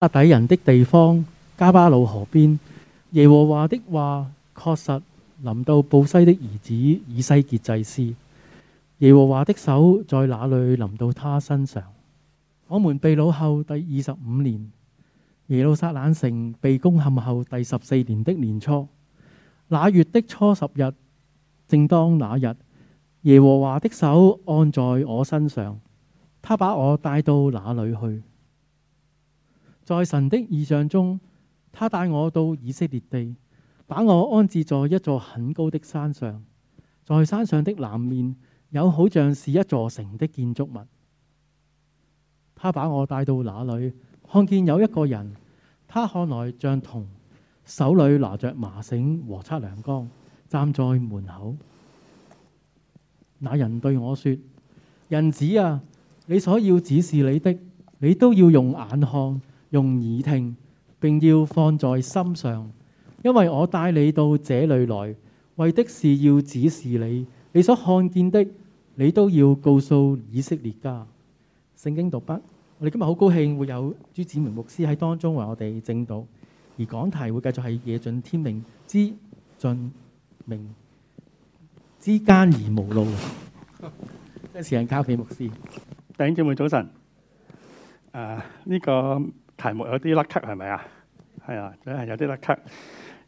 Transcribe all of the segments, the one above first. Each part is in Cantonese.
亞底人的地方，加巴魯河邊，耶和華的話確實臨到布西的兒子以西結祭,祭司。耶和華的手在那裏臨到他身上。我們被擄後第二十五年，耶路撒冷城被攻陷後第十四年的年初，那月的初十日，正當那日，耶和華的手按在我身上，他把我帶到哪裏去？在神的意象中，他帶我到以色列地，把我安置在一座很高的山上。在山上的南面有好像是一座城的建築物。他把我帶到那裏，看見有一個人，他看來像銅，手裏拿着麻繩和測量桿，站在門口。那人對我說：人子啊，你所要指示你的，你都要用眼看。用耳聽，並要放在心上，因為我帶你到這裏來，為的是要指示你，你所看見的，你都要告訴以色列家。聖經讀畢，我哋今日好高興會有朱子明牧師喺當中為我哋證道，而講題會繼續係夜盡天明之盡明之間而無路。一時間交俾牧師。弟兄姐妹早晨。呢、啊這個。題目有啲甩咳，係咪啊？係啊，真係有啲甩咳。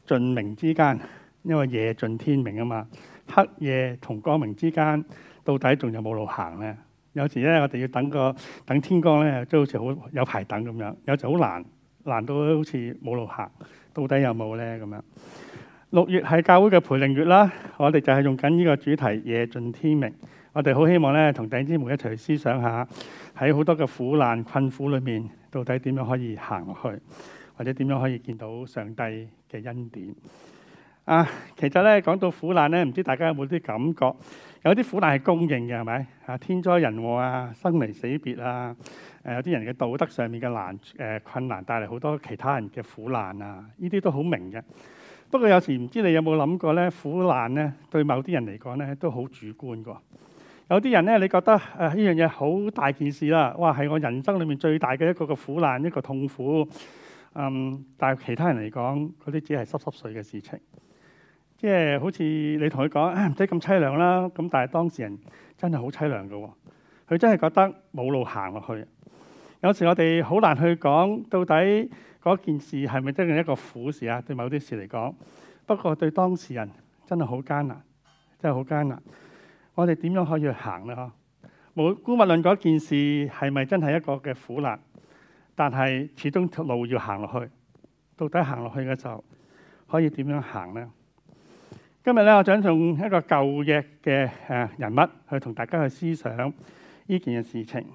盡明之間，因為夜盡天明啊嘛，黑夜同光明之間，到底仲有冇路行咧？有時咧，我哋要等個等天光咧，即係好似好有排等咁樣，有時好難，難到好似冇路行，到底有冇咧咁樣？六月係教會嘅培靈月啦，我哋就係用緊呢個主題夜盡天明。我哋好希望咧，同弟兄姊妹一齊去思想下，喺好多嘅苦難困苦裏面，到底點樣可以行落去，或者點樣可以見到上帝嘅恩典啊？其實咧，講到苦難咧，唔知大家有冇啲感覺？有啲苦難係公認嘅，係咪啊？天災人禍啊，生離死別啊，誒有啲人嘅道德上面嘅難誒、呃、困難，帶嚟好多其他人嘅苦難啊。呢啲都好明嘅。不過有時唔知你有冇諗過咧，苦難咧對某啲人嚟講咧都好主觀㗎。有啲人咧，你覺得誒呢樣嘢好大件事啦，哇！係我人生裏面最大嘅一個個苦難，一個痛苦。嗯，但係其他人嚟講，嗰啲只係濕濕碎嘅事情。即係好似你同佢講，唔使咁凄涼啦。咁但係當事人真係好凄涼嘅喎，佢真係覺得冇路行落去。有時我哋好難去講到底嗰件事係咪真係一個苦事啊？對某啲事嚟講，不過對當事人真係好艱難，真係好艱難。我哋點樣可以去行咧？嗬，冇姑勿論嗰件事係咪真係一個嘅苦難，但係始終路要行落去。到底行落去嘅時候可以點樣行咧？今日咧，我想用一個舊約嘅誒人物去同大家去思想呢件嘅事情。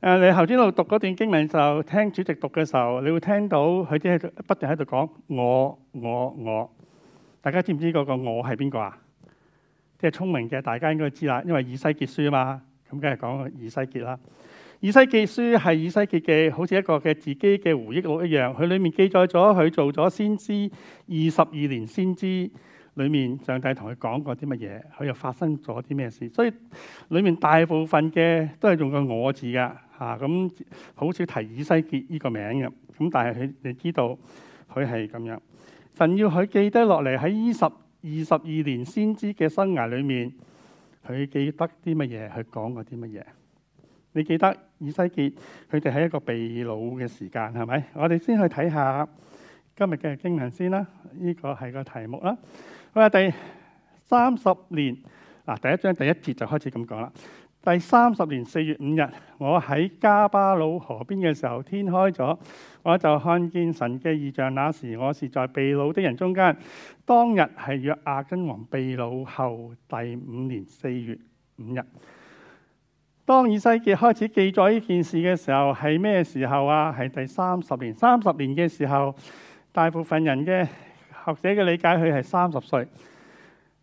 誒，你頭先喺度讀嗰段經文，就聽主席讀嘅時候，你會聽到佢哋喺度不停喺度講我、我、我。大家知唔知嗰個我係邊個啊？即係聰明嘅，大家應該知啦，因為以西結書啊嘛，咁梗係講以西結啦。以西結書係以西結嘅，好似一個嘅自己嘅回憶錄一樣。佢裏面記載咗佢做咗先知二十二年，先知裏面上帝同佢講過啲乜嘢，佢又發生咗啲咩事。所以裏面大部分嘅都係用個我字噶嚇，咁、啊、好少提以西結呢個名嘅。咁但係佢你知道佢係咁樣，神要佢記得落嚟喺二十。二十二年先知嘅生涯裏面，佢記得啲乜嘢？佢講過啲乜嘢？你記得以西結佢哋喺一個被擄嘅時間係咪？我哋先去睇下今日嘅經文先啦。呢個係個題目啦。好啦，第三十年啊，第一章第一節就開始咁講啦。第三十年四月五日，我喺加巴魯河邊嘅時候，天開咗，我就看見神嘅異象。那時我是在被擄的人中間。當日係約阿斤王被擄後第五年四月五日。當以西結開始記載呢件事嘅時候，係咩時候啊？係第三十年。三十年嘅時候，大部分人嘅學者嘅理解，佢係三十歲，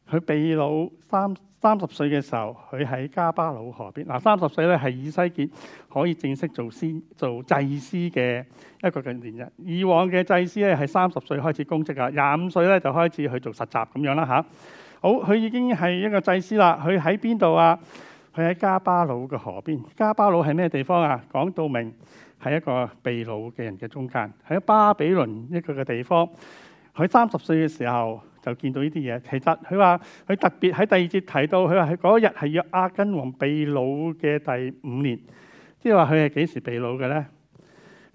佢被擄三。三十歲嘅時候，佢喺加巴魯河邊。嗱，三十歲咧係以西結可以正式做司、做祭司嘅一個近年日。以往嘅祭司咧係三十歲開始公職噶，廿五歲咧就開始去做實習咁樣啦吓，好，佢已經係一個祭司啦。佢喺邊度啊？佢喺加巴魯嘅河邊。加巴魯係咩地方啊？講到明係一個被擄嘅人嘅中間，喺巴比倫一個嘅地方。佢三十歲嘅時候。就見到呢啲嘢。其實佢話佢特別喺第二節提到，佢話佢嗰日係約雅斤王被擄嘅第五年，即係話佢係幾時被擄嘅咧？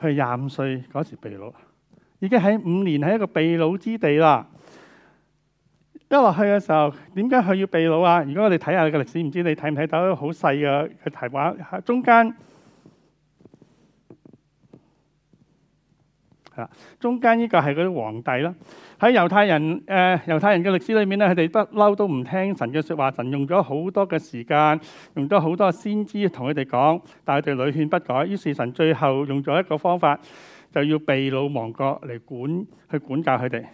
佢係廿五歲嗰時被擄，已經喺五年喺一個被擄之地啦。一落去嘅時候，點解佢要被擄啊？如果我哋睇下個歷史，唔知你睇唔睇到好細嘅嘅題畫，中間係啦，中間呢個係嗰啲皇帝啦。喺猶太人誒、呃、猶太人嘅歷史裏面咧，佢哋不嬲都唔聽神嘅説話。神用咗好多嘅時間，用咗好多先知同佢哋講，但係佢哋屢勸不改。於是神最後用咗一個方法，就要被擄亡國嚟管去管教佢哋。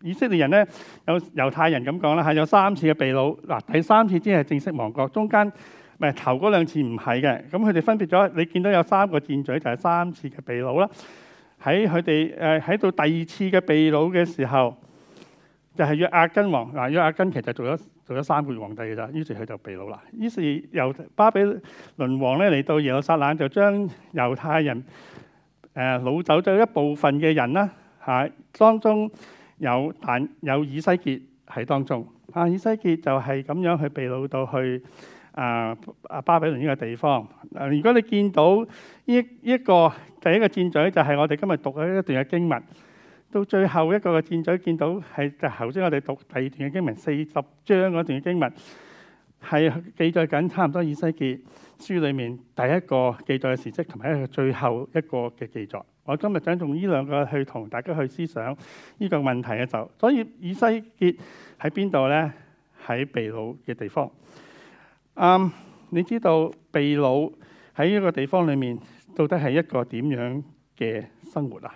以色列人咧有猶太人咁講啦，係有三次嘅被擄。嗱，第三次先係正式亡國，中間唔係頭嗰兩次唔係嘅。咁佢哋分別咗，你見到有三個箭嘴就係、是、三次嘅被擄啦。喺佢哋誒喺到第二次嘅被擄嘅時候，就係、是、約阿根王。嗱，約阿根其實做咗做咗三個月皇帝嘅咋，於是佢就被擄啦。於是由巴比倫王咧嚟到耶路撒冷，就將猶太人誒擄、呃、走咗一部分嘅人啦嚇、啊，當中有但有以西結喺當中啊，以西結就係咁樣去被擄到去啊啊、呃、巴比倫呢個地方。呃、如果你見到呢一、這個。第一個箭嘴就係我哋今日讀嘅一段嘅經文，到最後一個嘅箭嘴見到係就頭先我哋讀第二段嘅經文，四十章嗰段嘅經文係記載緊差唔多以西結書裡面第一個記載嘅事跡，同埋一個最後一個嘅記載。我今日想用呢兩個去同大家去思想呢個問題咧，就所以以西結喺邊度咧？喺秘魯嘅地方。嗯、um，你知道秘魯喺呢個地方裏面？到底係一個點樣嘅生活啊？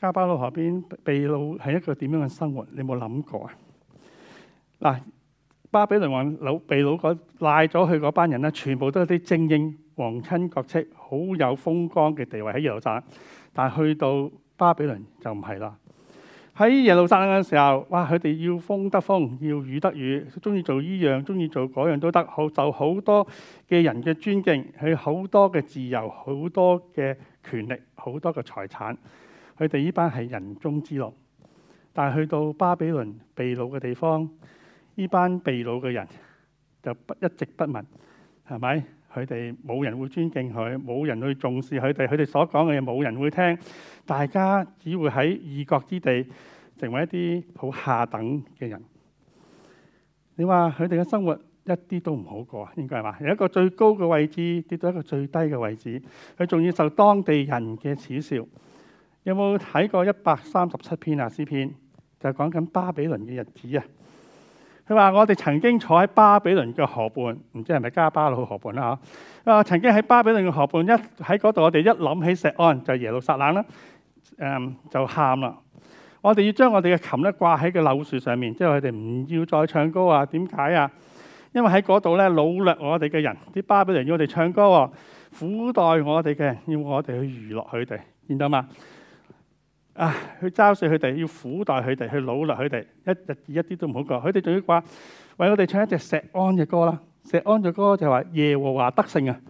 迦巴魯河邊被擄係一個點樣嘅生活？你有冇諗過啊？嗱，巴比倫王擄被擄嗰賴咗佢嗰班人咧，全部都係啲精英、皇親國戚，好有風光嘅地位喺耶路撒，但係去到巴比倫就唔係啦。喺耶路撒冷嘅時候，哇！佢哋要風得風，要雨得雨，鍾意做呢樣，鍾意做嗰樣都得。好，受好多嘅人嘅尊敬，佢好多嘅自由，好多嘅權力，好多嘅財產。佢哋呢班係人中之龍，但係去到巴比倫被擄嘅地方，呢班被擄嘅人就不一直不聞，係咪？佢哋冇人會尊敬佢，冇人去重視佢哋，佢哋所講嘅嘢冇人會聽，大家只會喺異國之地成為一啲好下等嘅人。你話佢哋嘅生活一啲都唔好過，應該係嘛？由一個最高嘅位置跌到一個最低嘅位置，佢仲要受當地人嘅恥笑。有冇睇過一百三十七篇啊，詩篇？就講緊巴比倫嘅日子啊！佢話：我哋曾經坐喺巴比倫嘅河畔，唔知係咪迦巴魯河畔啦嚇。佢話曾經喺巴比倫嘅河畔一喺嗰度，我哋一諗起錫安，就耶路撒冷啦。誒、嗯、就喊啦！我哋要將我哋嘅琴咧掛喺個柳樹上面，即係佢哋唔要再唱歌啊？點解啊？因為喺嗰度咧擄掠我哋嘅人，啲巴比倫要我哋唱歌，苦待我哋嘅人要我哋去娛樂佢哋，見到嘛？啊！去嘲笑佢哋，要苦待佢哋，去勞碌佢哋，一日一啲都唔好過。佢哋仲要話為我哋唱一隻錫安嘅歌啦。錫安嘅歌就係話耶和華得勝啊，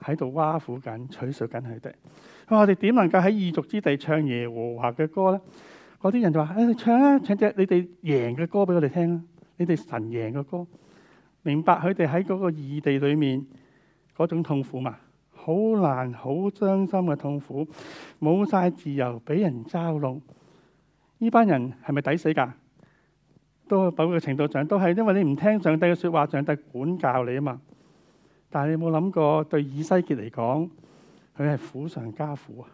喺度挖苦緊、取笑緊佢哋。我哋點能夠喺異族之地唱耶和華嘅歌咧？嗰啲人就話：誒，唱啦，唱隻你哋贏嘅歌俾我哋聽啊。你哋神贏嘅歌。明白佢哋喺嗰個異地裏面嗰種痛苦嘛？好難、好傷心嘅痛苦，冇晒自由，俾人嘲弄。呢班人係咪抵死噶？都係某個程度上都係，因為你唔聽上帝嘅說話，上帝管教你啊嘛。但係你有冇諗過，對以西結嚟講，佢係苦上加苦啊？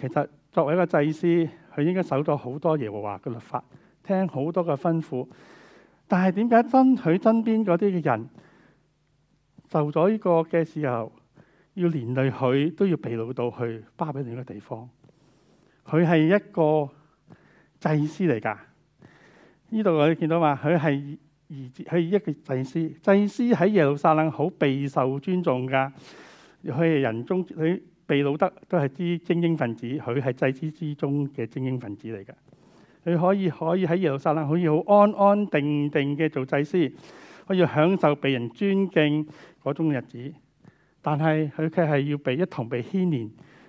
其實作為一個祭司，佢應該守咗好多耶和華嘅律法，聽好多嘅吩咐。但係點解爭取身邊嗰啲嘅人？受咗呢個嘅時候，要連累佢都要被擄到去巴比倫嘅地方。佢係一個祭司嚟噶。呢度我哋見到話，佢係兒子，佢係一個祭司。祭司喺耶路撒冷好備受尊重噶。佢係人中，佢被擄嘅都係啲精英分子。佢係祭司之中嘅精英分子嚟噶。佢可以可以喺耶路撒冷可以好安安定定嘅做祭司，可以享受被人尊敬。嗰種日子，但係佢佢係要被一同被牽連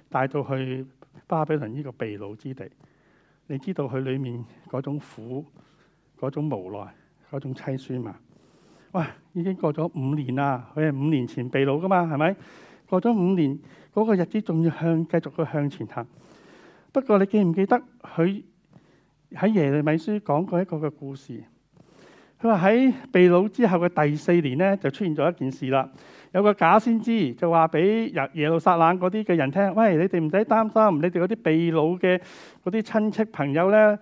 帶到去巴比倫呢個避難之地。你知道佢裏面嗰種苦、嗰種無奈、嗰種悽酸嘛？哇！已經過咗五年啦，佢係五年前避難噶嘛，係咪？過咗五年，嗰、那個日子仲要向繼續去向前行。不過你記唔記得佢喺耶利米書講過一個嘅故事？佢話喺被擄之後嘅第四年咧，就出現咗一件事啦。有個假先知就話俾耶路撒冷嗰啲嘅人聽，喂，你哋唔使擔心，你哋嗰啲被擄嘅嗰啲親戚朋友咧，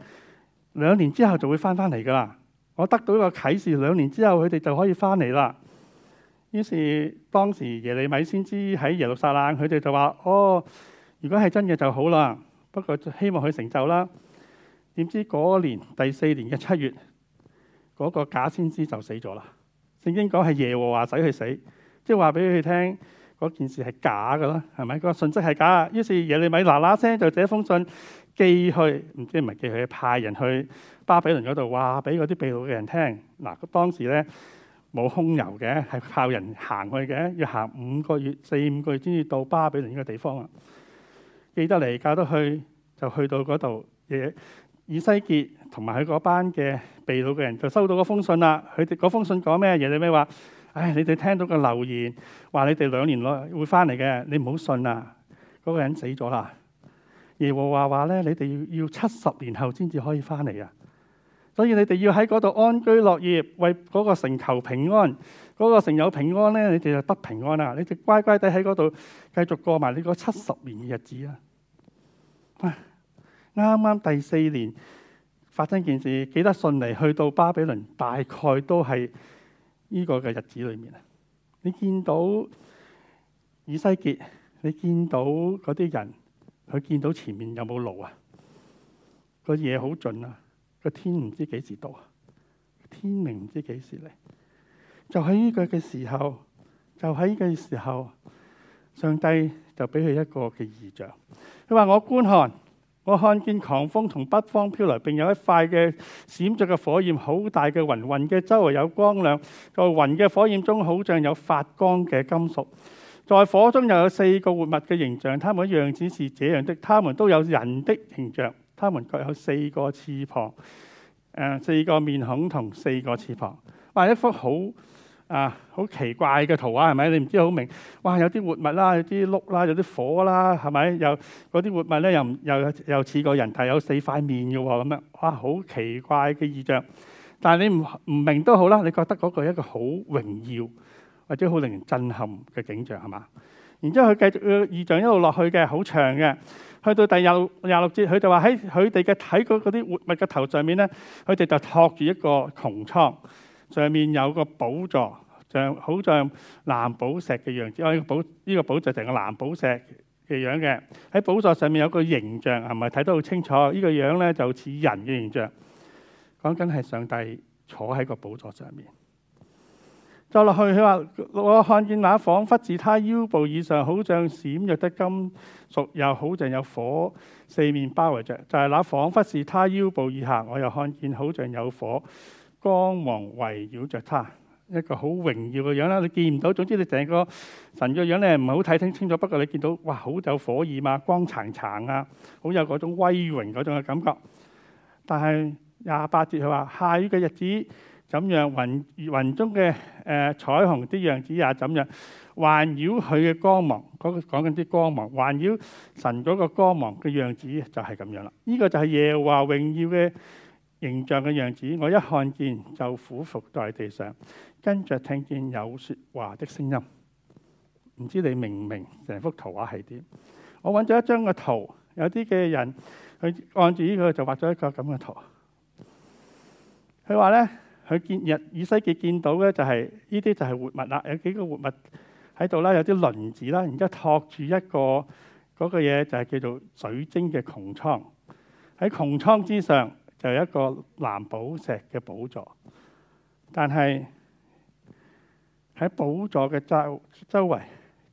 兩年之後就會翻翻嚟噶啦。我得到一個啟示，兩年之後佢哋就可以翻嚟啦。於是當時耶利米先知喺耶路撒冷，佢哋就話，哦，如果係真嘅就好啦，不過希望佢成就啦。點知嗰年第四年嘅七月，嗰個假先知就死咗啦！聖經講係耶和華使佢死，即係話俾佢聽嗰件事係假嘅啦，係咪？嗰個信息係假。於是耶利米嗱嗱聲就寫一封信寄去，唔知唔係寄去，派人去巴比倫嗰度話俾嗰啲被擄嘅人聽。嗱，當時咧冇空郵嘅，係靠人行去嘅，要行五個月、四五個月先至到巴比倫呢個地方啊！寄得嚟，教得去，就去到嗰度嘢。以西結同埋佢嗰班嘅被擄嘅人就收到嗰封信啦。佢哋嗰封信講咩嘢？你咩話？唉，你哋聽到個流言，話你哋兩年內會翻嚟嘅，你唔好信啦。嗰、嗰個人死咗啦。耶和華話咧，你哋要要七十年後先至可以翻嚟啊。所以你哋要喺嗰度安居樂業，為嗰個城求平安。嗰、嗰個城有平安咧，你哋就得平安啦。你哋乖乖地喺嗰度繼續過埋你個七十年嘅日子啦。啱啱第四年發生件事，記得順利。去到巴比倫，大概都係呢個嘅日子裏面啊。你見到以西結，你見到嗰啲人，佢見到前面有冇路啊？個嘢好盡啊，個天唔知幾時到啊，天明唔知幾時嚟。就喺呢個嘅時候，就喺呢個時候，上帝就俾佢一個嘅異象。佢話：我觀看。我看見狂風從北方飄來，並有一塊嘅閃着嘅火焰，好大嘅雲，雲嘅周圍有光亮，在雲嘅火焰中，好像有發光嘅金屬，在火中又有四個活物嘅形象，他們樣子是這樣的，他們都有人的形象，他們各有四個翅膀，誒、呃，四個面孔同四個翅膀，哇、啊！一幅好～啊，好奇怪嘅圖啊，係咪？你唔知好明，哇！有啲活物啦，有啲轆啦，有啲火啦，係咪？又啲活物咧，又又又似個人頭，但有四塊面嘅喎，咁樣哇！好奇怪嘅異象，但係你唔唔明都好啦，你覺得嗰個一個好榮耀或者好令人震撼嘅景象係嘛？然之後佢繼續異象一路落去嘅，好長嘅，去到第廿六廿六節，佢就話喺佢哋嘅睇嗰啲活物嘅頭上面咧，佢哋就托住一個穹蒼。上面有個寶座，像好像藍寶石嘅樣子。我、呢個寶呢、呢個寶座成個藍寶石嘅樣嘅。喺寶座上面有個形象，係咪睇得好清楚？呢、呢個樣咧就似人嘅形象。講緊係上帝坐喺個寶座上面。再落去，佢話，我看見那彷彿自他腰部以上，好像閃耀的金屬，又好像有火四面包圍着。」就係、是、那彷彿是他腰部以下，我又看見好像有火。光芒圍繞著他，一個好榮耀嘅樣啦。你見唔到，總之你成個神嘅樣咧，唔好睇清清楚。不過你見到，哇，好有火焰嘛，光燦燦啊，好有嗰種威榮嗰種嘅感覺。但係廿八節佢話，下雨嘅日子怎樣，雲雲中嘅誒彩虹啲樣子又怎樣，環繞佢嘅光芒，講講緊啲光芒，環繞神嗰個光芒嘅樣子就係咁樣啦。呢個就係耶和華榮耀嘅形象嘅樣子，我一看見就俯伏在地上，跟住聽見有說話的聲音。唔知你明唔明？成幅圖畫係點？我揾咗一張個圖，有啲嘅人佢按住呢，這個就畫咗一個咁嘅圖。佢話咧，佢見日以西結見到咧，就是，就係呢啲就係活物啦，有幾個活物喺度啦，有啲輪子啦，然之後托住一個嗰，那個嘢就係叫做水晶嘅穹蒼，喺穹蒼之上。就有一個藍寶石嘅寶座，但係喺寶座嘅周周圍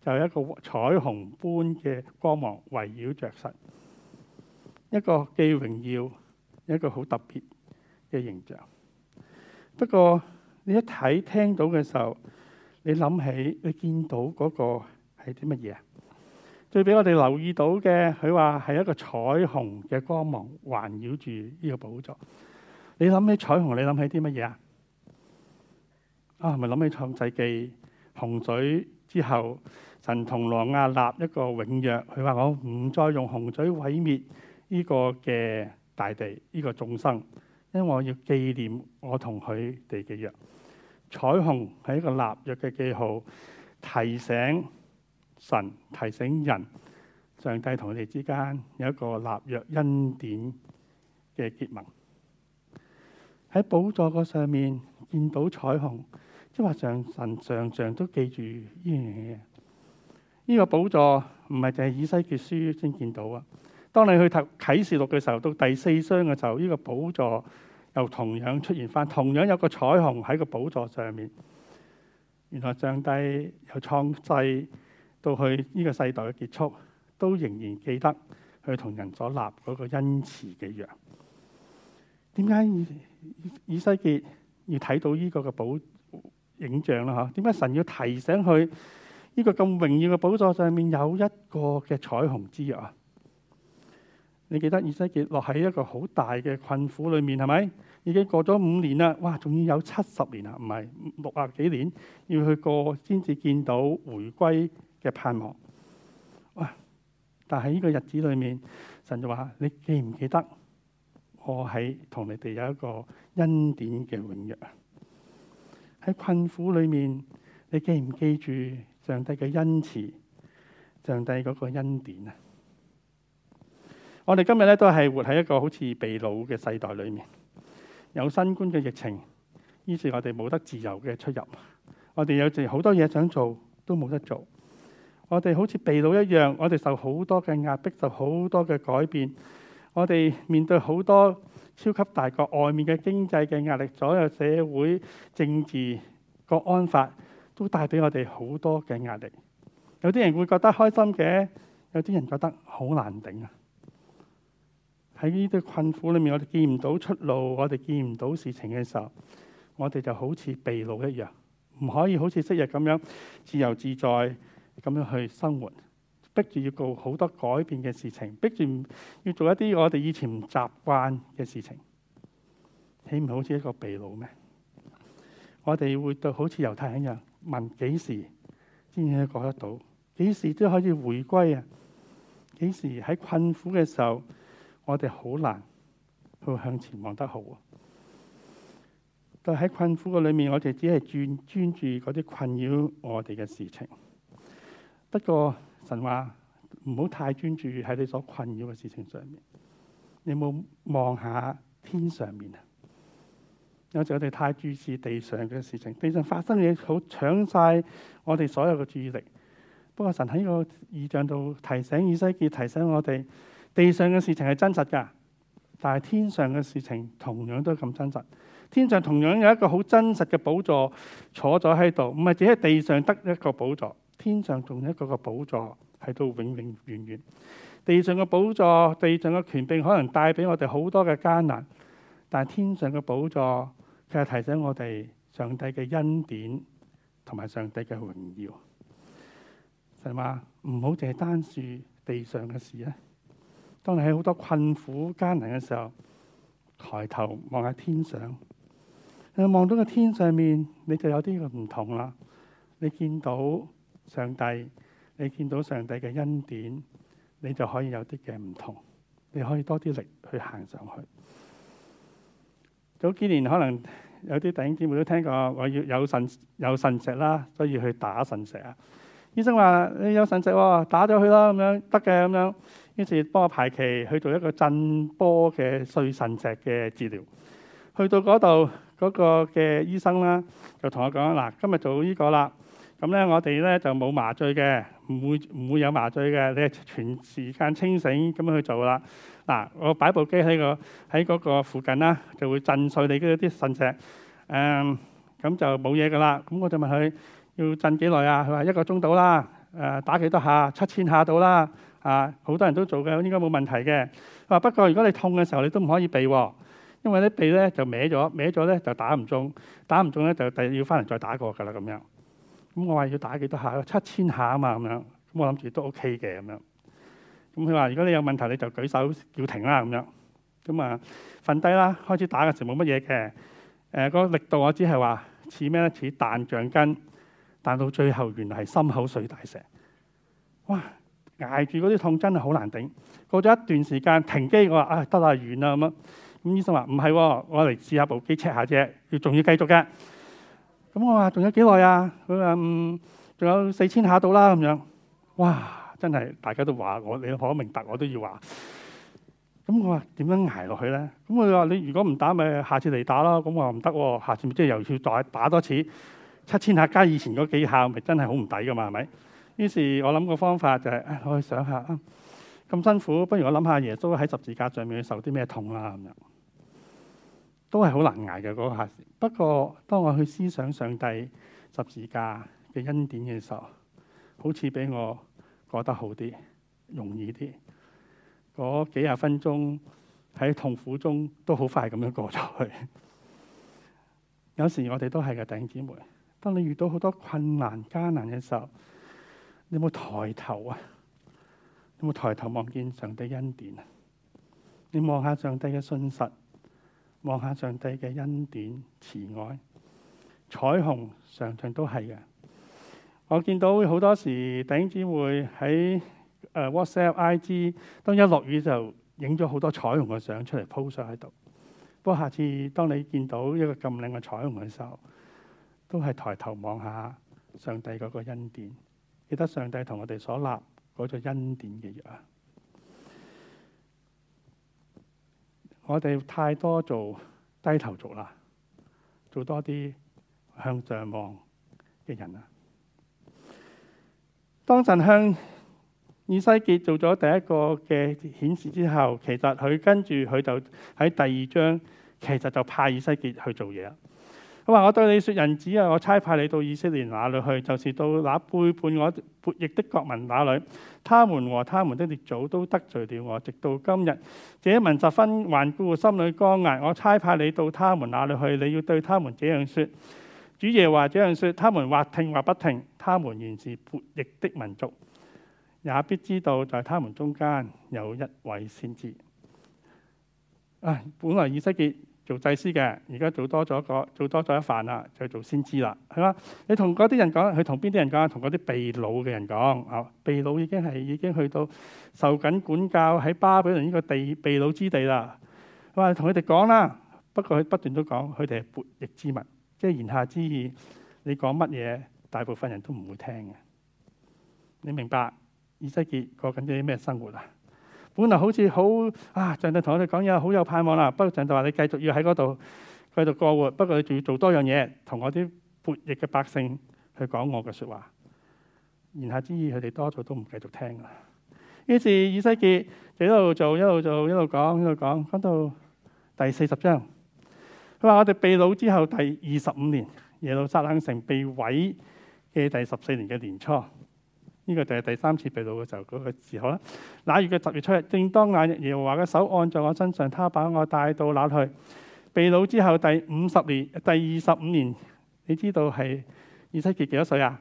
就有一個彩虹般嘅光芒圍繞着神，一個幾榮耀，一個好特別嘅形象。不過你一睇聽到嘅時候，你諗起你見到嗰個係啲乜嘢？最俾我哋留意到嘅，佢話係一個彩虹嘅光芒環繞住呢個寶座。你諗起彩虹，你諗起啲乜嘢啊？啊，係咪諗起創世記洪水之後，神同羅亞立一個永約。佢話我唔再用洪水毀滅呢個嘅大地，呢、呢個眾生，因為我要紀念我同佢哋嘅約。彩虹係一個立約嘅記號，提醒。神提醒人，上帝同我哋之間有一個立約恩典嘅結盟。喺寶座個上面見到彩虹，即係話上神常常都記住呢樣嘢。呢個寶座唔係淨係以西結書先見到啊。當你去睇啟示錄嘅時候，到第四章嘅時候，呢個寶座又同樣出現翻，同樣有個彩虹喺個寶座上面。原來上帝又創制。到去呢個世代嘅結束，都仍然記得佢同人所立嗰個恩慈嘅約。點解以西結要睇到呢個嘅寶影像啦？吓，點解神要提醒佢呢個咁榮耀嘅寶座上面有一個嘅彩虹之約啊？你記得以西結落喺一個好大嘅困苦裏面係咪？已經過咗五年啦，哇，仲要有七十年啊，唔係六啊幾年，要去過先至見到回歸。嘅盼望。但喺呢個日子裏面，神就話：你記唔記得我喺同你哋有一個恩典嘅永約啊？喺困苦裏面，你記唔記住上帝嘅恩慈？上帝嗰個恩典啊！我哋今日咧都係活喺一個好似被老嘅世代裏面，有新冠嘅疫情，於是我哋冇得自由嘅出入，我哋有好多嘢想做都冇得做。我哋好似被擄一樣，我哋受好多嘅壓迫，受好多嘅改變。我哋面對好多超級大國外面嘅經濟嘅壓力，左右社會、政治、國安法，都帶俾我哋好多嘅壓力。有啲人會覺得開心嘅，有啲人覺得好難頂啊！喺呢啲困苦裏面，我哋見唔到出路，我哋見唔到事情嘅時候，我哋就好似被擄一樣，唔可以好似昔日咁樣自由自在。咁樣去生活，逼住要做好多改變嘅事情，逼住要做一啲我哋以前唔習慣嘅事情，豈唔好似一個秘魯咩？我哋會對好似猶太人一樣，問幾時先至可以過得到？幾時都可以回歸啊？幾時喺困苦嘅時候，我哋好難去向前望得好，但喺困苦嘅裏面，我哋只係專專注嗰啲困擾我哋嘅事情。不過神話，唔好太專注喺你所困擾嘅事情上面，你有冇望下天上面啊？有時我哋太注視地上嘅事情，地上發生嘢好搶晒我哋所有嘅注意力。不過神喺呢個意象度提醒以西結，提醒我哋地上嘅事情係真實噶，但係天上嘅事情同樣都咁真實。天上同樣有一個好真實嘅寶座坐咗喺度，唔係只係地上得一個寶座。天上仲有一個嘅寶座，喺度永永遠遠。地上嘅寶座，地上嘅權柄，可能帶俾我哋好多嘅艱難。但係天上嘅寶座，佢係提醒我哋上帝嘅恩典同埋上帝嘅榮耀。神話唔好淨係單注地上嘅事啊！當你喺好多困苦艱難嘅時候，抬頭望下天上，你望到個天上面，你就有啲嘅唔同啦。你見到。上帝，你見到上帝嘅恩典，你就可以有啲嘅唔同，你可以多啲力去行上去。早幾年可能有啲弟兄姊妹都聽過，我要有腎有腎石啦，所以去打腎石啊。醫生話：你有腎石，哦，哇，打咗佢啦，咁樣得嘅，咁樣於是幫我排期去做一個震波嘅碎腎石嘅治療。去到嗰度嗰個嘅醫生啦，就同我講：嗱，今日做呢個啦。咁咧，我哋咧就冇麻醉嘅，唔會唔會有麻醉嘅，你係全時間清醒咁樣去做啦。嗱，我擺部機喺個喺嗰個附近啦，就會震碎你嗰啲腎石。誒，咁就冇嘢噶啦。咁我就問佢要震幾耐啊？佢話一個鐘度啦。誒，打幾多下？七千下度啦。啊，好多人都做嘅，應該冇問題嘅。話不過如果你痛嘅時候，你都唔可以避喎，因為咧避咧就歪咗，歪咗咧就打唔中，打唔中咧就第日要翻嚟再打過噶啦咁樣。咁我話要打幾多下？七千下啊嘛，咁樣。咁我諗住都 OK 嘅咁樣。咁佢話：如果你有問題，你就舉手叫停啦，咁樣。咁啊，瞓低啦，開始打嘅時冇乜嘢嘅。誒、呃，個力度我只係話似咩咧？似彈橡筋，彈到最後原來係心口碎大石。哇！捱住嗰啲痛真係好難頂。過咗一段時間停機，我話：哎、啊，得啦，完啦咁樣。咁醫生話：唔係、哦，我嚟試下部機 check 下啫，要仲要繼續㗎。咁我話仲有幾耐啊？佢話嗯，仲有四千下到啦咁樣。哇！真係大家都話我，你老婆明白我都要話。咁我話點樣捱落去咧？咁佢話你如果唔打咪下次嚟打咯。咁我話唔得喎，下次即係又要再打，打多次七千下加以前嗰幾下，咪真係好唔抵噶嘛？係咪？於是我諗個方法就係、唉、我去想下啊，咁辛苦，不如我諗下耶穌喺十字架上面受啲咩痛啦、啊、咁樣。都係好難挨嘅嗰個下，不過當我去思想上帝十字架嘅恩典嘅時候，好似俾我過得好啲，容易啲。嗰幾十分鐘喺痛苦中都好快咁樣過咗去。 有時我哋都係嘅弟兄姊妹，當你遇到好多困難艱難嘅時候，你有冇抬頭啊？你有冇抬頭望見上帝恩典啊？你望下上帝嘅信實。望下上帝嘅恩典慈愛，彩虹常常都係嘅。我見到好多時頂子會喺誒 WhatsApp、Wh App, IG，當一落雨就影咗好多彩虹嘅相出嚟鋪上喺度。不過下次當你見到一個咁靚嘅彩虹嘅時候，都係抬頭望下上帝嗰個恩典，記得上帝同我哋所立嗰個恩典嘅約。我哋太多做低頭族啦，做多啲向上望嘅人啦。當神向以西結做咗第一個嘅顯示之後，其實佢跟住佢就喺第二章，其實就派以西結去做嘢。佢話：說我對你説，人子啊，我差派你到以色列人那裏去，就是到那背叛我悖逆的國民那裏，他們和他們的列祖都得罪了我，直到今日。這民十分頑固，心裏剛硬。我差派你到他們那裏去，你要對他們這樣説：主耶和華這樣説，他們或聽或不聽，他們原是悖逆的民族，也必知道在他們中間有一位先知。唉，本來以色列。做祭司嘅，而家做多咗一個，做多咗一範啦，就做先知啦，係嘛？你同嗰啲人講，佢同邊啲人講？同嗰啲被擄嘅人講，哦，被擄已經係已經去到受緊管教喺巴比倫呢個地被擄之地啦。佢話同佢哋講啦，不過佢不斷都講，佢哋係悖逆之物，即係言下之意，你講乜嘢，大部分人都唔會聽嘅。你明白？以西結過緊啲咩生活啊？本來好似好啊！上帝同我哋講嘢好有盼望啦，不過上帝話你繼續要喺嗰度繼續過活，不過你仲要做多樣嘢，同我啲叛逆嘅百姓去講我嘅説話。言下之意，佢哋多咗都唔繼續聽啦。於是以西結就一路做一路做，一路講一路講，講到第四十章。佢話我哋被擄之後第二十五年，耶路撒冷城被毀嘅第十四年嘅年初。呢個就係第三次被擄嘅時候嗰、那個時候啦。那月嘅十月初日，正當那日耶和華嘅手按在我身上，他把我帶到那去？被擄之後第五十年，第二十五年，你知道係以西結幾多歲啊？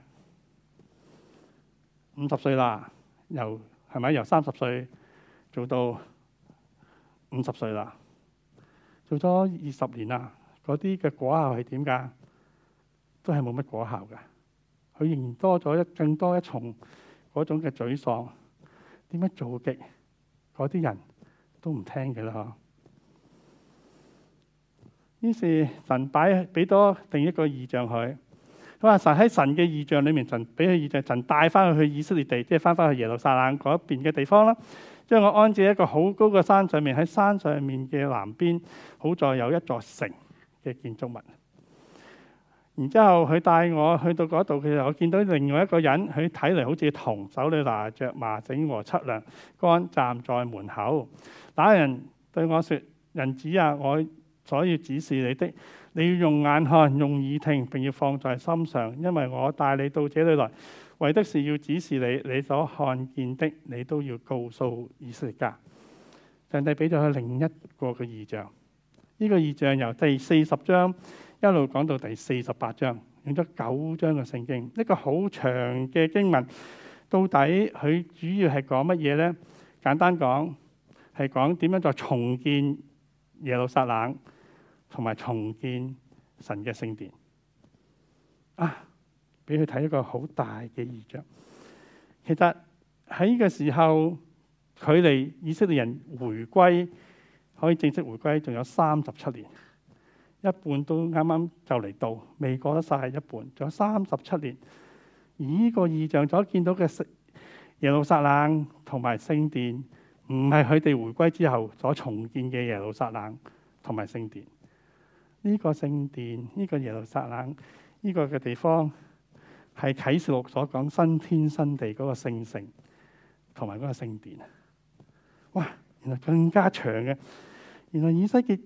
五十歲啦，由係咪由三十歲做到五十歲啦，做咗二十年啦，嗰啲嘅果效係點㗎？都係冇乜果效㗎。佢仍然多咗一更多一重嗰種嘅沮喪，點樣做嘅，嗰啲人都唔聽嘅啦吓，於是神擺俾多定一個異象佢。佢話神喺神嘅異象裏面，神俾佢異象，神帶翻去去以色列地，即係翻翻去耶路撒冷嗰邊嘅地方啦。將我安置一個好高嘅山上面，喺山上面嘅南邊，好在有一座城嘅建築物。然之後，佢帶我去到嗰度，其實我見到另外一個人，佢睇嚟好似銅，手裏拿着麻繩和測量杆，站在門口。那人對我説：人子啊，我所要指示你的，你要用眼看，用耳聽，並要放在心上，因為我帶你到這裏來，為的是要指示你，你所看見的，你都要告訴以色列家。上帝俾咗佢另一個嘅異象，呢、這個異象由第四十章。一路講到第四十八章，用咗九章嘅聖經，一個好長嘅經文。到底佢主要係講乜嘢呢？簡單講，係講點樣再重建耶路撒冷，同埋重建神嘅聖殿。啊，俾佢睇一個好大嘅異象。其實喺呢個時候，距離以色列人回歸可以正式回歸，仲有三十七年。一半都啱啱就嚟到，未過得晒一半，仲有三十七年。而呢個異象所見到嘅聖耶路撒冷同埋聖殿，唔係佢哋回歸之後所重建嘅耶路撒冷同埋聖殿。呢個聖殿，呢個耶路撒冷，呢個嘅地方，係啟示錄所講新天新地嗰個聖城同埋嗰個聖殿。哇！原來更加長嘅，原來以西結。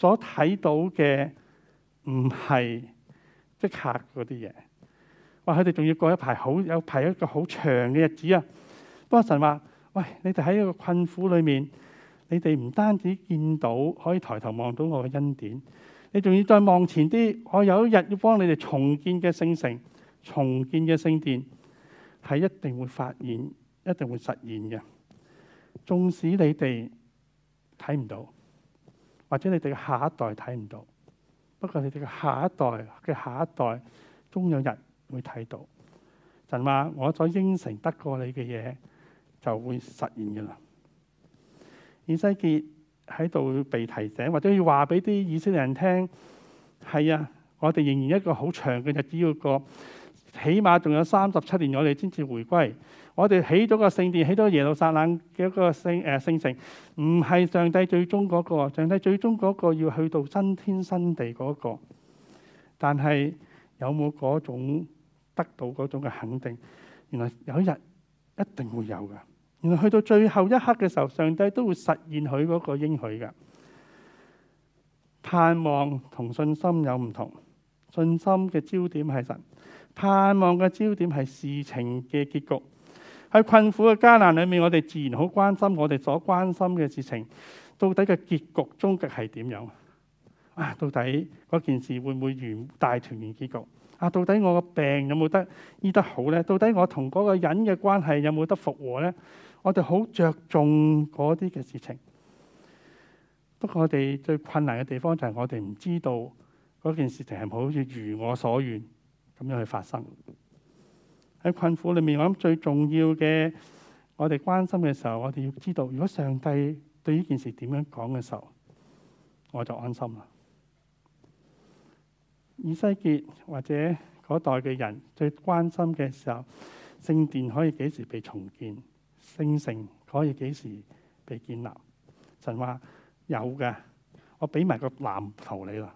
所睇到嘅唔係即刻嗰啲嘢，話佢哋仲要過一排好有排一個好長嘅日子啊！不過神話，喂，你哋喺一個困苦裏面，你哋唔單止見到可以抬頭望到我嘅恩典，你仲要再望前啲，我有一日要幫你哋重建嘅聖城、重建嘅聖殿，係一定會發現一定會實現嘅。縱使你哋睇唔到。或者你哋嘅下一代睇唔到，不過你哋嘅下一代嘅下一代，終有日會睇到。神話我再應承得過你嘅嘢就會實現嘅啦。以西結喺度被提醒，或者要話俾啲以色列人聽，係啊，我哋仍然一個好長嘅日子要過，起碼仲有三十七年我哋先至回歸。我哋起咗個聖殿，起咗耶路撒冷嘅一個聖誒聖城，唔係上帝最終嗰個。上帝最終嗰個要去到新天新地嗰個，但係有冇嗰種得到嗰種嘅肯定？原來有一日一定會有㗎。原來去到最後一刻嘅時候，上帝都會實現佢嗰個應許㗎。盼望同信心有唔同，信心嘅焦點係神，盼望嘅焦點係事情嘅結局。喺困苦嘅艱難裏面，我哋自然好關心我哋所關心嘅事情，到底嘅結局終極係點樣？啊，到底嗰件事會唔會如大團圓結局？啊，到底我個病有冇得醫得好咧？到底我同嗰個人嘅關係有冇得復和咧？我哋好着重嗰啲嘅事情。不過我哋最困難嘅地方就係我哋唔知道嗰件事情係唔係好似如我所願咁樣去發生。喺困苦裏面，我諗最重要嘅，我哋關心嘅時候，我哋要知道，如果上帝對呢件事點樣講嘅時候，我就安心啦。以西結或者嗰代嘅人最關心嘅時候，聖殿可以幾時被重建，聖城可以幾時被建立？神話有嘅，我俾埋個藍圖你啦。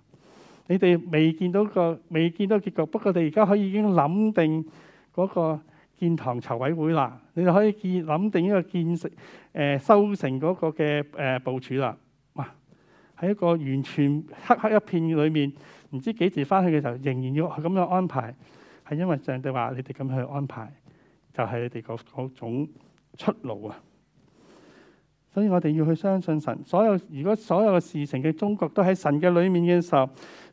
你哋未見到個，未見到結局，不過你而家可以已經諗定。嗰個建堂籌委會啦，你就可以建諗定一個建，呃、收成誒修成嗰個嘅誒部署啦。哇，喺一個完全黑黑一片裏面，唔知幾時翻去嘅時候，仍然要咁樣安排，係因為上帝話你哋咁去安排，就係、是、你哋嗰嗰種出路啊。所以我哋要去相信神，所有如果所有嘅事情嘅中國都喺神嘅裏面嘅時候，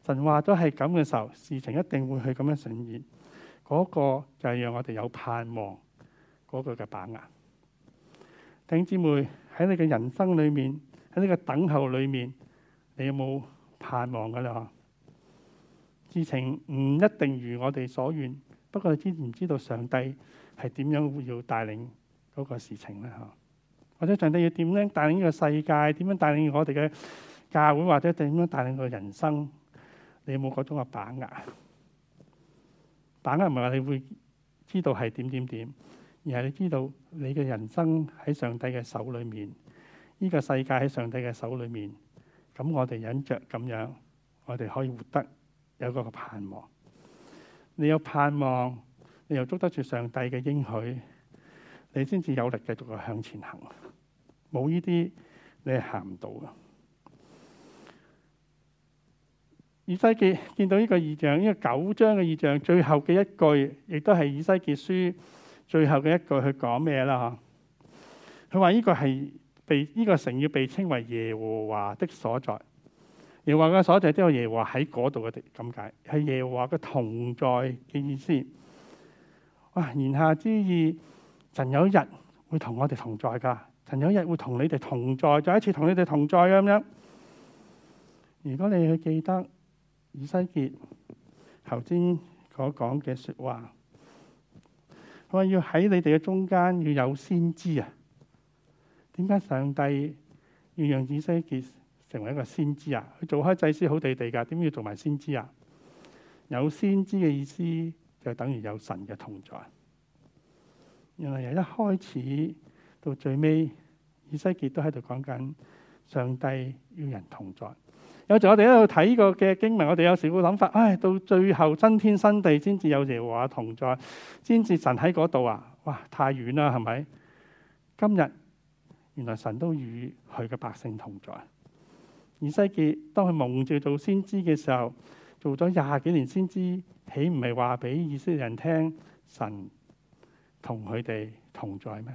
神話都係咁嘅時候，事情一定會去咁樣實現。嗰個就係讓我哋有盼望，嗰個嘅把握。弟兄姊妹喺你嘅人生裏面，喺你個等候裏面，你有冇盼望噶咧？嗬？事情唔一定如我哋所願，不過你知唔知道上帝係點樣要帶領嗰個事情咧？嗬？或者上帝要點樣帶領呢個世界？點樣帶領我哋嘅教會？或者點樣帶領個人生？你有冇嗰種嘅把握？把握唔係話你會知道係點點點，而係你知道你嘅人生喺上帝嘅手裏面，呢個世界喺上帝嘅手裏面。咁我哋忍着咁樣，我哋可以活得有一個盼望。你有盼望，你又捉得住上帝嘅應許，你先至有力繼續去向前行。冇呢啲，你係行唔到嘅。以西結見到呢個意象，呢、這個九章嘅意象，最後嘅一句，亦都係以西結書最後嘅一句去講咩啦？嗬，佢話呢個係被呢個城要被稱為耶和華的所在，耶和華嘅所在都有耶和華喺嗰度嘅咁解，係耶和華嘅同在嘅意思。哇、啊，言下之意，神有一日會同我哋同在噶，神有一日會同你哋同在，再一次同你哋同在咁樣。如果你去記得。以西結頭先所講嘅說話，佢話要喺你哋嘅中間要有先知啊？點解上帝要讓以西結成為一個先知啊？佢做開祭司好地地噶，點要做埋先知啊？有先知嘅意思就等於有神嘅同在。原來由一開始到最尾，以西結都喺度講緊上帝要人同在。有時我哋喺度睇個嘅經文，我哋有時會諗法，唉，到最後新天新地先至有耶和華同在，先至神喺嗰度啊！哇，太遠啦，係咪？今日原來神都與佢嘅百姓同在。以西結當佢蒙召做先知嘅時候，做咗廿幾年先知，豈唔係話俾以色列人聽，神同佢哋同在咩？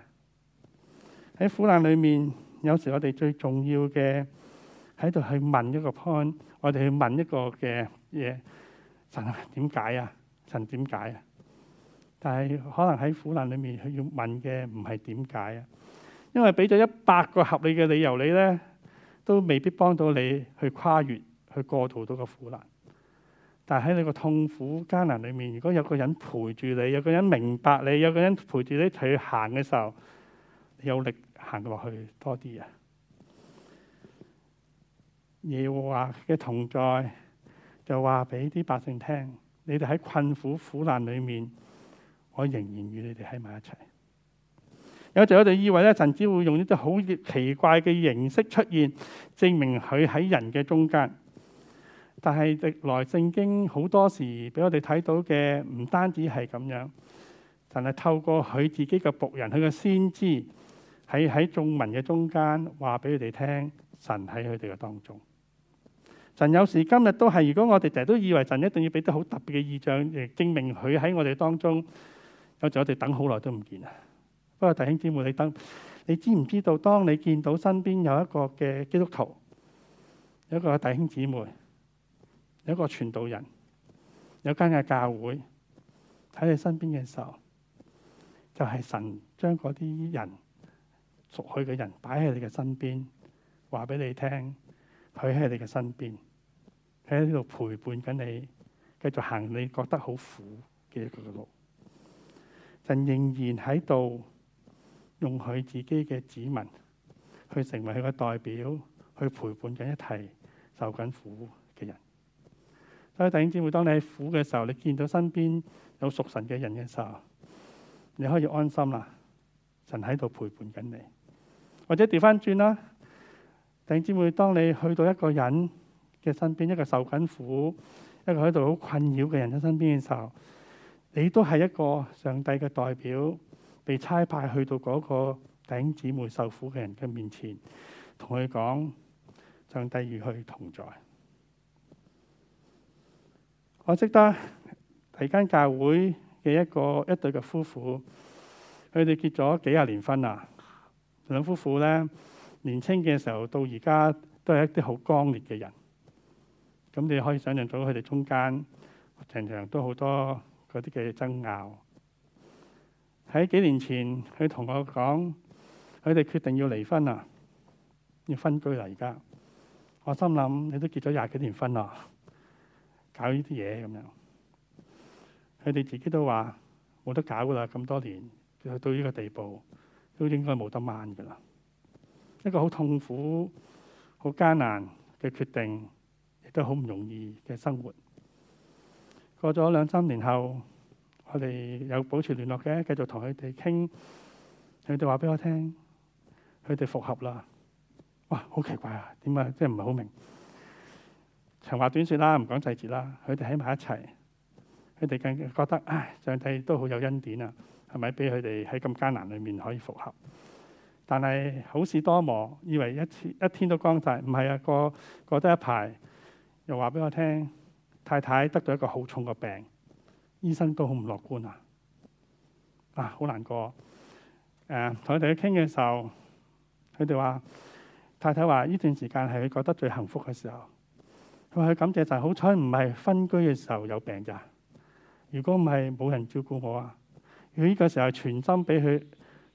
喺苦難裏面，有時我哋最重要嘅。喺度去問一個 point，我哋去問一個嘅嘢，神點解啊？神點解啊？但係可能喺苦難裡面，佢要問嘅唔係點解啊？因為俾咗一百個合理嘅理由你咧，都未必幫到你去跨越、去過渡到個苦難。但係喺你個痛苦艱難裡面，如果有個人陪住你，有個人明白你，有個人陪住你去行嘅時候，有力行落去多啲啊！耶和華嘅同在，就話俾啲百姓聽，你哋喺困苦苦難裏面，我仍然與你哋喺埋一齊。有陣我哋以為咧，神只會用呢啲好奇怪嘅形式出現，證明佢喺人嘅中間。但係歷來聖經好多時俾我哋睇到嘅，唔單止係咁樣，神係透過佢自己嘅僕人，佢嘅先知，喺喺眾民嘅中間話俾佢哋聽，神喺佢哋嘅當中。神有時今日都係，如果我哋成日都以為神一定要俾啲好特別嘅異象，誒證明佢喺我哋當中，有時我哋等好耐都唔見啊！不過弟兄姊妹，你等，你知唔知道？當你見到身邊有一個嘅基督徒，有一個弟兄姊妹，有一個傳道人，有一間嘅教會喺你身邊嘅時候，就係、是、神將嗰啲人屬佢嘅人擺喺你嘅身邊，話俾你聽，佢喺你嘅身邊。喺呢度陪伴緊你，繼續行你覺得好苦嘅一個路，神仍然喺度用佢自己嘅子民去成為佢嘅代表，去陪伴緊一齊受緊苦嘅人。所以弟兄姊妹，當你喺苦嘅時候，你見到身邊有屬神嘅人嘅時候，你可以安心啦。神喺度陪伴緊你，或者調翻轉啦，弟兄姊妹，當你去到一個人嘅身邊一個受緊苦、一個喺度好困擾嘅人喺身邊嘅時候，你都係一個上帝嘅代表，被差派去到嗰個弟兄姊妹受苦嘅人嘅面前，同佢講：上帝與佢同在。我識得第一間教會嘅一個一對嘅夫婦，佢哋結咗幾十年婚啦。兩夫婦呢，年輕嘅時候到而家都係一啲好剛烈嘅人。咁你可以想象到佢哋中間常常都好多嗰啲嘅爭拗。喺幾年前，佢同我講：佢哋決定要離婚啦，要分居啦。而家我心諗：你都結咗廿幾年婚啦，搞呢啲嘢咁樣。佢哋自己都話：冇得搞噶啦，咁多年去到呢個地步，都應該冇得挽噶啦。一個好痛苦、好艱難嘅決定。都好唔容易嘅生活。過咗兩三年後，我哋有保持聯絡嘅，繼續同佢哋傾。佢哋話俾我聽，佢哋復合啦。哇，好奇怪啊！點啊，即係唔係好明？長話短說啦，唔講細節啦。佢哋喺埋一齊，佢哋更覺得唉，上帝都好有恩典啊，係咪？俾佢哋喺咁艱難裏面可以復合。但係好事多磨，以為一次一天都光晒，唔係啊。過過得一排。又話俾我聽，太太得咗一個好重嘅病，醫生都好唔樂觀啊！啊，好難過。誒、呃，同佢哋傾嘅時候，佢哋話太太話：呢段時間係佢覺得最幸福嘅時候。佢話佢感謝就係、是、好彩唔係分居嘅時候有病咋。如果唔係冇人照顧我啊，佢、這、呢個時候全心俾佢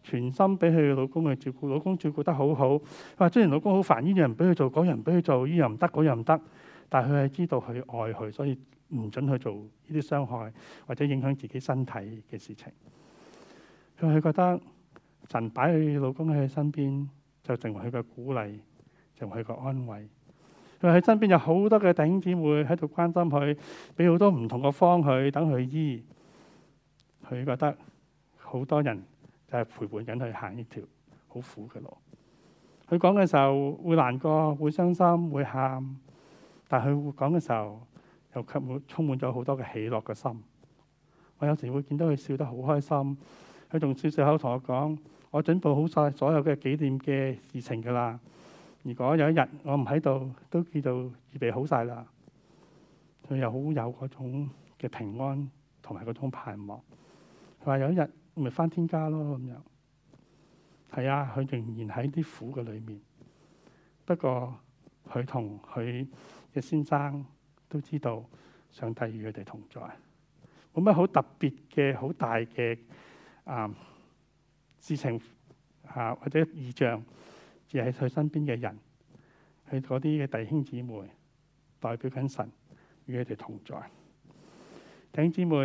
全心俾佢老公去照顧，老公照顧得好好。話雖然老公好煩，呢樣唔俾佢做，嗰樣唔俾佢做，呢樣唔得，嗰樣唔得。但係佢係知道佢愛佢，所以唔准去做呢啲傷害或者影響自己身體嘅事情。佢係覺得神擺佢老公喺佢身邊，就成為佢嘅鼓勵，成為佢嘅安慰。因為佢身邊有好多嘅弟兄姊妹喺度關心佢，俾好多唔同嘅方佢等佢醫。佢覺得好多人就係陪伴緊佢行呢條好苦嘅路。佢講嘅時候會難過，會傷心，會喊。但係佢講嘅時候，又吸滿充滿咗好多嘅喜樂嘅心。我有時會見到佢笑得好開心，佢仲笑笑口同我講：我準備好晒所有嘅紀念嘅事情㗎啦。如果有一日我唔喺度，都叫做預備好晒啦。佢又好有嗰種嘅平安同埋嗰種盼望。佢話有一日咪返天家咯咁樣。係啊，佢仍然喺啲苦嘅裡面，不過佢同佢。嘅先生都知道，上帝與佢哋同在，冇乜好特別嘅、好大嘅啊、嗯、事情啊，或者異象，只係佢身邊嘅人，佢嗰啲嘅弟兄姊妹代表緊神與佢哋同在。弟兄姊妹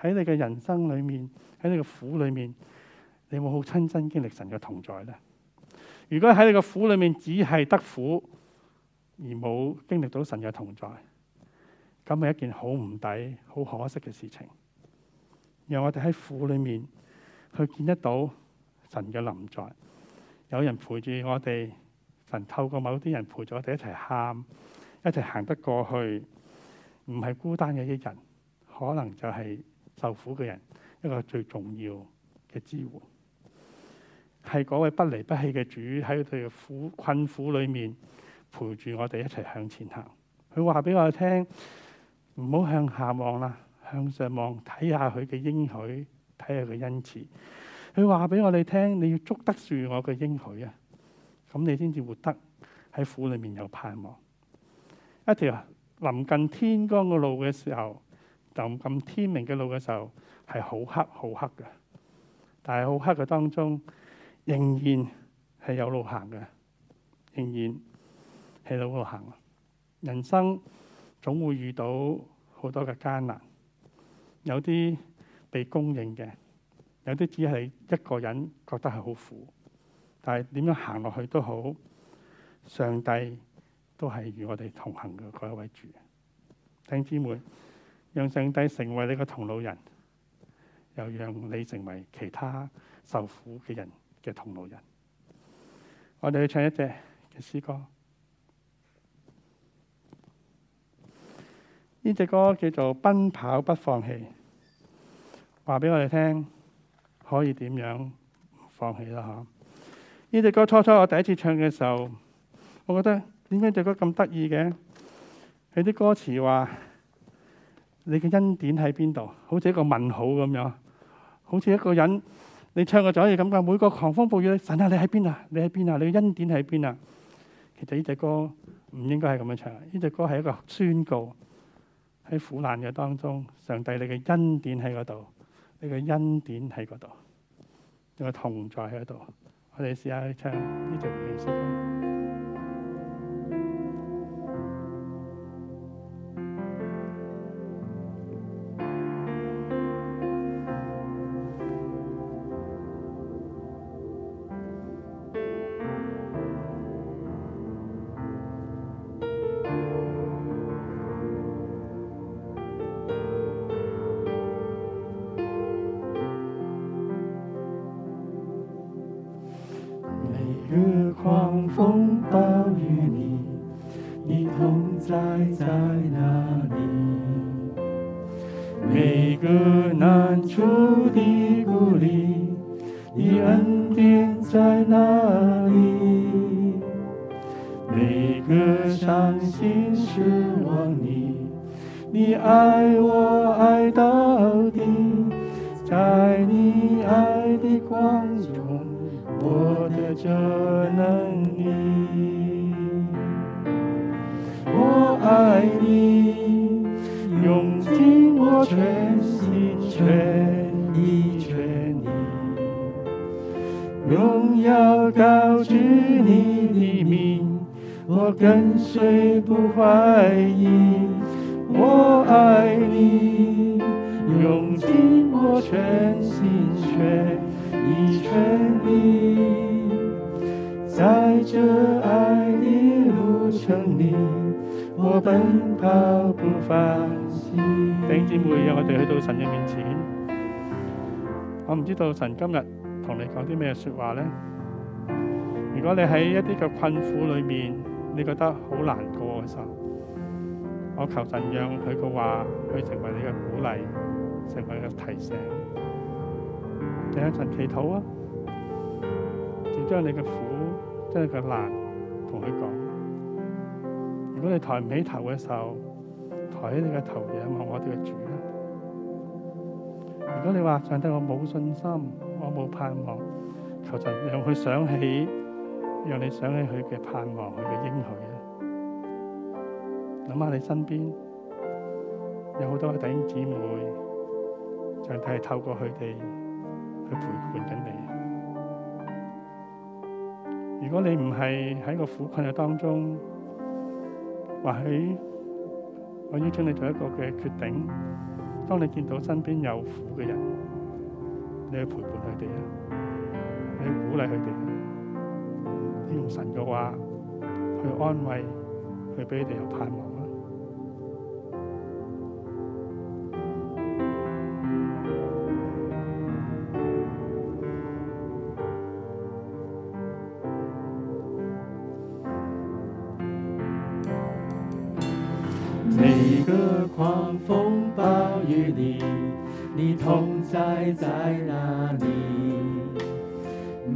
喺你嘅人生裏面，喺你嘅苦裏面，你冇好親身經歷神嘅同在咧？如果喺你嘅苦裏面，只係得苦。而冇經歷到神嘅同在，咁係一件好唔抵、好可惜嘅事情。讓我哋喺苦裏面去見得到神嘅臨在，有人陪住我哋，神透過某啲人陪住我哋一齊喊，一齊行得過去，唔係孤單嘅一人。可能就係受苦嘅人一個最重要嘅支援，係嗰位不離不棄嘅主喺佢嘅苦困苦裏面。陪住我哋一齊向前行。佢話俾我聽，唔好向下望啦，向上望，睇下佢嘅應許，睇下佢恩慈。佢話俾我哋聽，你要捉得住我嘅應許啊，咁你先至活得喺苦裏面有盼望。一條臨近天光嘅路嘅時候，臨近天明嘅路嘅時候，係好黑好黑嘅，但係好黑嘅當中，仍然係有路行嘅，仍然，喺度行，人生總會遇到好多嘅艱難，有啲被公認嘅，有啲只係一個人覺得係好苦。但係點樣行落去都好，上帝都係與我哋同行嘅嗰一位主。弟兄姊妹，讓上帝成為你嘅同路人，又讓你成為其他受苦嘅人嘅同路人。我哋去唱一隻嘅詩歌。呢隻歌叫做《奔跑不放棄》，話俾我哋聽，可以點樣放棄啦？嚇！呢隻歌初初我第一次唱嘅時候，我覺得點解隻歌咁得意嘅？佢啲歌詞話你嘅恩典喺邊度，好似一個問號咁樣，好似一個人你唱個走意咁樣，每個狂風暴雨，神啊，你喺邊啊？你喺邊啊？你嘅恩典喺邊啊？其實呢隻歌唔應該係咁樣唱，呢隻歌係一個宣告。喺苦難嘅當中，上帝你嘅恩典喺嗰度，你嘅恩典喺嗰度，你嘅同在喺嗰度，我哋試下唱呢段詩歌。風暴與你，你同在，在哪裏？每個難處的鼓勵，你恩典在哪裏？每個傷心失望你，你愛我愛到底，在你愛的光中，我的真。我跟隨不懷疑，我愛你，用盡我全心全意全力，在這愛的路程裏，我奔跑不放棄。弟兄姊妹，讓我哋去到神嘅面前。我唔知道神今日同你講啲咩說話咧。如果你喺一啲嘅困苦裏面，你覺得好難過嘅時候，我求神讓佢嘅話，去成為你嘅鼓勵，成為你嘅提醒。你向神祈禱啊，要將你嘅苦，將你嘅難同佢講。如果你抬唔起頭嘅時候，抬起你嘅頭仰望我哋嘅主啦。如果你話上帝，我冇信心，我冇盼望，求神讓佢想起。讓你想起佢嘅盼望，佢嘅應許啊！諗下你身邊有好多弟兄姊妹，上帝係透過佢哋去陪伴緊你。如果你唔係喺個苦困嘅當中，或許我邀請你做一個嘅決定：當你見到身邊有苦嘅人，你去陪伴佢哋啊，你去鼓勵佢哋。神嘅話，去安慰，去俾你哋有盼望啦。每個狂風暴雨裏，你同在在哪裏？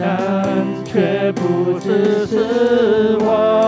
但卻不只是我。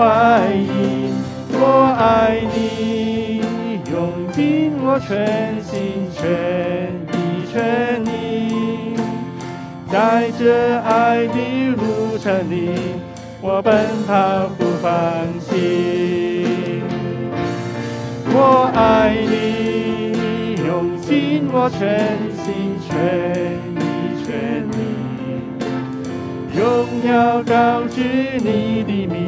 我愛你，我愛你，用盡我全心全意全力，在這愛的路上，你我奔跑不放棄。我愛你，你用盡我全心全意全力，終要告知你的名。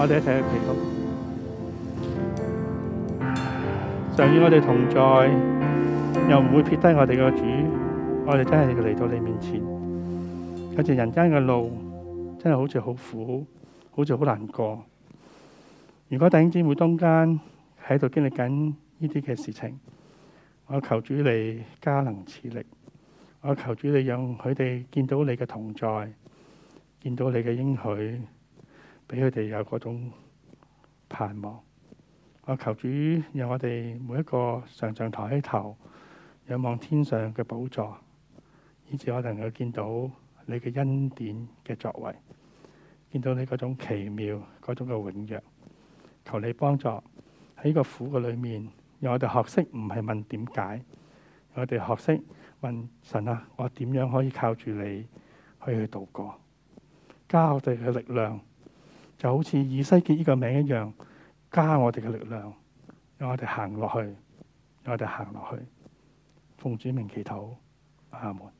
我哋一齊去祈禱，常與我哋同在，又唔會撇低我哋嘅主。我哋真係嚟到你面前，有陣人間嘅路真係好似好苦，好似好難過。如果弟兄姊妹中間喺度經歷緊呢啲嘅事情，我求主你加能賜力，我求主你讓佢哋見到你嘅同在，見到你嘅應許。俾佢哋有嗰種盼望，我求主讓我哋每一個常常抬起頭仰望天上嘅寶座，以至我能夠見到你嘅恩典嘅作為，見到你嗰種奇妙、嗰種嘅榮耀。求你幫助喺呢個苦嘅裏面，讓我哋學識唔係問點解，讓我哋學識問神啊，我點樣可以靠住你可以去度過？加我哋嘅力量。就好似以西結呢個名字一樣，加我哋嘅力量，讓我哋行落去，讓我哋行落去，奉主名祈禱，阿門。